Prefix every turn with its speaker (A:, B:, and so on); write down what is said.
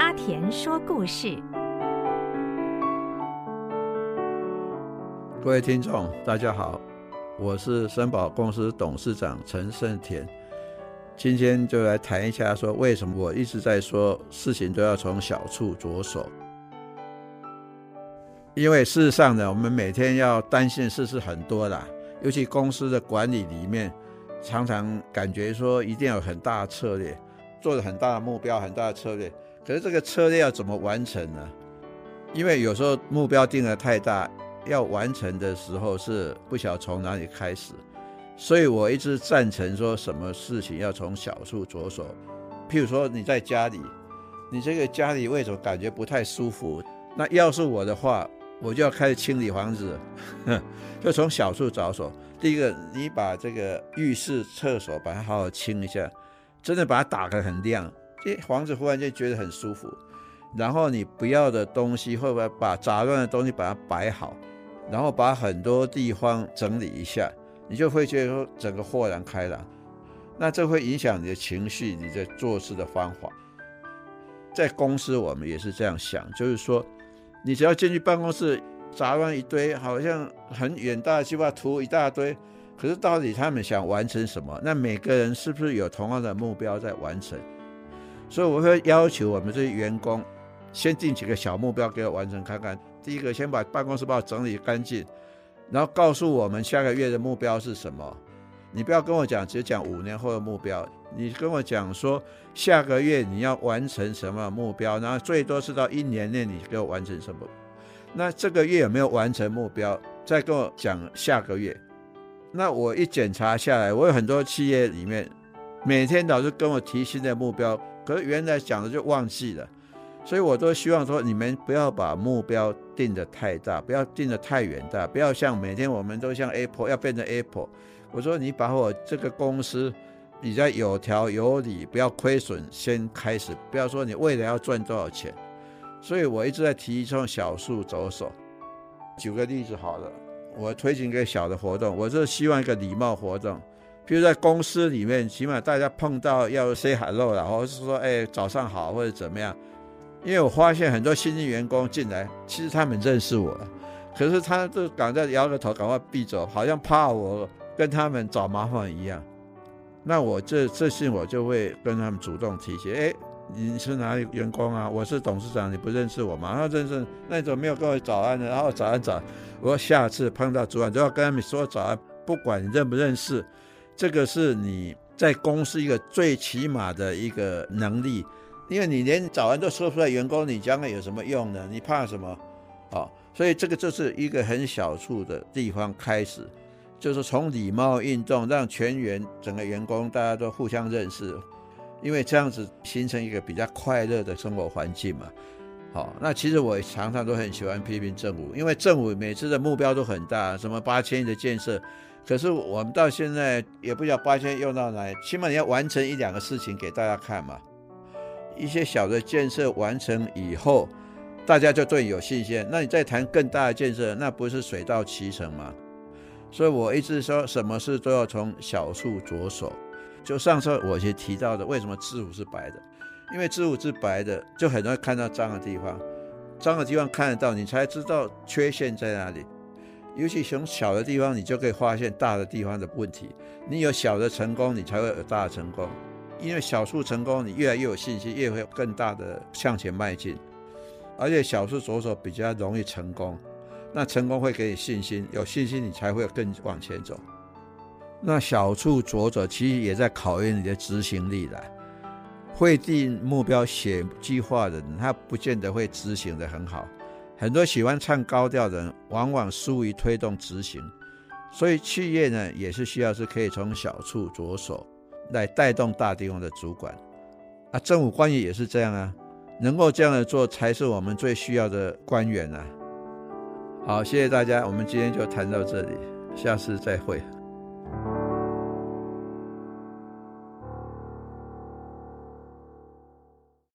A: 阿沺說故事。各位聽眾，大家好，我是森寶公司董事長陳勝田。今天就來談一下，說為什麼我一直在說事情都要從小處着手。因為事實上呢，我們每天要擔心的事是很多啦，尤其公司的管理裡面，常常感覺說一定要有很大的策略，做了很大的目標，很大的策略。可是這個策略要怎麼完成呢？因為有時候目標定得太大，要完成的時候是不曉得從哪裡開始，所以我一直贊成說什麼事情要從小處着手。譬如說你在家裡，你這個家裡為什麼感覺不太舒服？那要是我的話，我就要開始清理房子，哼，就從小處着手。第一個，你把這個浴室、廁所把它好好清一下，真的把它打得很亮。這房子忽然間覺得很舒服，然後你不要的東西，會不會把雜亂的東西把它擺好，然後把很多地方整理一下，你就會覺得整個豁然開朗。那這會影響你的情緒，你在做事的方法。在公司我們也是這樣想，就是說，你只要進去辦公室，雜亂一堆，好像很遠大的計劃圖一大堆，可是到底他們想完成什麼？那每個人是不是有同樣的目標在完成？所以我會要求我們這些員工先定幾個小目標給我完成看看。第一個，先把辦公室幫我整理乾淨，然後告訴我們下個月的目標是什麼。你不要跟我講，只講五年後的目標。你跟我講說下個月你要完成什麼目標，然後最多是到一年內你給我完成什麼。那這個月有沒有完成目標？再跟我講下個月。那我一檢查下來，我有很多企業裡面每天老是跟我提新的目標。所以原來講的就忘記了，所以我都希望說你們不要把目標定得太大，不要定得太遠大，不要像每天我們都像 Apple 要變成 Apple。我說，你把我這個公司比較有條有理，不要虧損，先開始，不要說你未來要賺多少錢。所以我一直在提倡小處著手。舉個例子好了，我推行一個小的活動，我是希望一個禮貌活動。比如在公司裡面，起碼大家碰到要 say hello 啦，或者是說哎、欸、早上好或者怎麼樣。因為我發現很多新進員工進來，其實他們認識我了，可是他都趕快搖個頭，趕快避走，好像怕我跟他們找麻煩一樣。那我這這些我就會跟他們主動提起，哎、欸，你是哪裡員工啊？我是董事長，你不認識我嗎？然後認識，那你怎麼沒有跟我早安呢？然後早安早安，我下次碰到主管就要跟他們說早安，不管你認不認識。這個是你在公司一個最起碼的一個能力，因為你連早安都說不出來，員工你將來有什麼用呢？你怕什麼？啊，所以這個就是一個很小處的地方開始，就是從禮貌運動，讓全員整個員工大家都互相認識，因為這樣子形成一個比較快樂的生活環境嘛。好，那其實我常常都很喜歡批評政府，因為政府每次的目標都很大，什麼八千億的建設。可是我們到現在也不知道八千用到哪裡，起碼你要完成一兩個事情給大家看嘛。一些小的建設完成以後，大家就對你有信心。那你再談更大的建設，那不是水到渠成嗎？所以我一直說，什麼事都要從小處着手。就上次我先提到的，為什麼制服是白的？因為制服是白的，就很容易看到髒的地方。髒的地方看得到，你才知道缺陷在哪裡。尤其從小的地方，你就可以發現大的地方的問題。你有小的成功，你才會有大的成功。因為小處成功，你越來越有信心，越會有更大的向前邁進。而且小處着手比較容易成功，那成功會給你信心，有信心你才會更往前走。那小處着手其實也在考驗你的執行力的，會定目標、寫計劃的人，他不見得會執行的很好。很多喜歡唱高調的人，往往疏於推動執行，所以企業呢也是需要是可以從小處着手，來帶動大地方的主管。啊，政府官員也是這樣啊，能夠這樣的做，才是我們最需要的官員啊。好，謝謝大家，我們今天就談到這裡，下次再會。